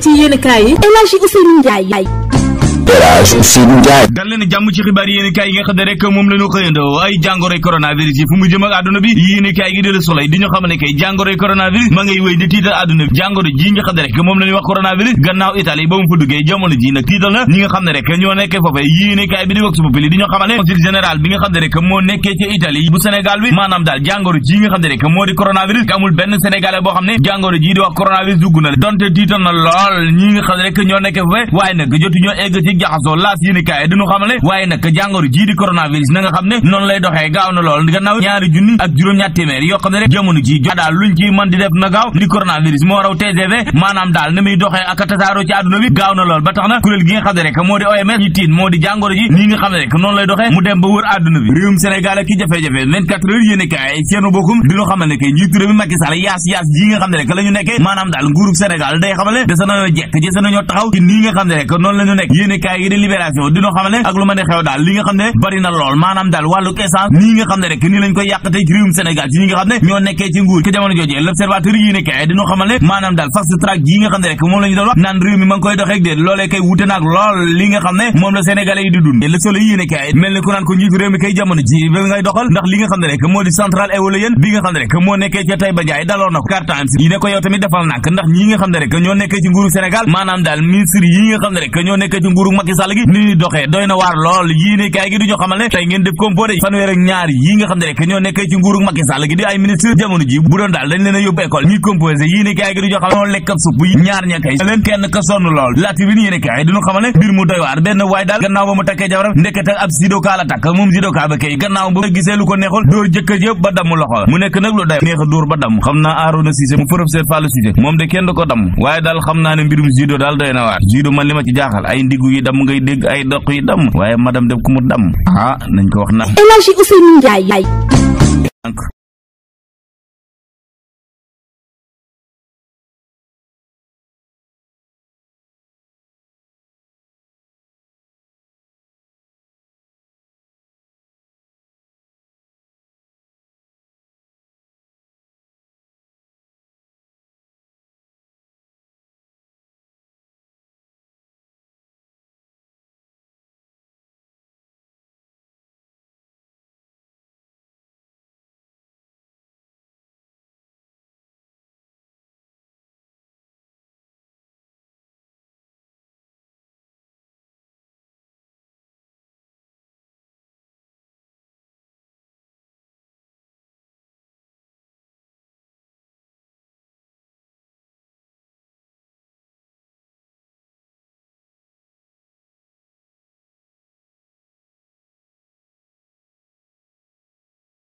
ci yéen kaay yi El Hadji Ousseynou Ndiaye dal leen jàmm ci xibaar nga rek ay coronavirus yi fu mu jëm ak bi gi Soleil kay coronavirus ma ngay wéy di jàngoro ji nga rek wax coronavirus gannaaw Italie ba mu jamono ji na ñi nga rek bi di wax consul général bi nga rek ci Italie bu Sénégal bi jàngoro ji nga rek coronavirus amul jàngoro ji di wax coronavirus donte na ñi nga rek egg ci yu jaxasoo laas yéen i kaay dañu xamal ne waaye nag jàngoro jii di coronavirus na nga xam ne noonu lay doxee gaaw na lool gannaaw ñaari junni ak juróom-ñaar téeméer yoo xam ne rek jamono ji daal luñ ci mën di def na gaaw li coronavirus moo raw TGV maanaam daal na muy doxee ak tasaaroo ci àdduna bi gaaw na lool ba tax na kuréel gi nga xam ne rek moo di OMS ñi tiin moo di jàngoro ji nii nga xam ne rek noonu lay doxee mu dem ba wër àdduna bi réewum Sénégal ak ki jafe-jafe 24 heures yéen i kaay seenu bokkum di lu xamal ne kay njiitu réew mi Macky Sall yaas yaas ji nga xam ne rek la ñu nekkee maanaam daal nguurug Sénégal day xamale desa nañoo jekk desa nañoo taxaw ci nii nga xam ne rek noonu la ñu nekk kaay gi di dina xam ne ak lu mën a xew daal li nga xam ne rek nii ñoo nekkee ci nguur ki maanaam daal fast track nga xam ne rek moom ñoo nekkee ci nguuru Macky Sall gi ni ñuy doy na waar lool yii ne kaay gi duñu xamal ne tey ngeen def composé fanweer ak ñaar yi nga xam ne rek ñoo nekkee ci nguuru Macky Sall gi di ay ministre jamono ji bu doon daal a waar daal gannaaw ba mu takkee jabaram ndekete ab sidokaa la takk moom sidokaa ba kay gannaaw ba gisee ko neexul dóor jëkkër yëpp ba damm loxo mu nekk nag lu doy neex dóor ba damm xam naa Arouna Cissé mu professeur Fallou Cissé moom de kenn du damm ngay dégg ay doq yu damm waaye madame def ku mu damm ah nañ ko wax na El Hadji Ousseynou Ndiaye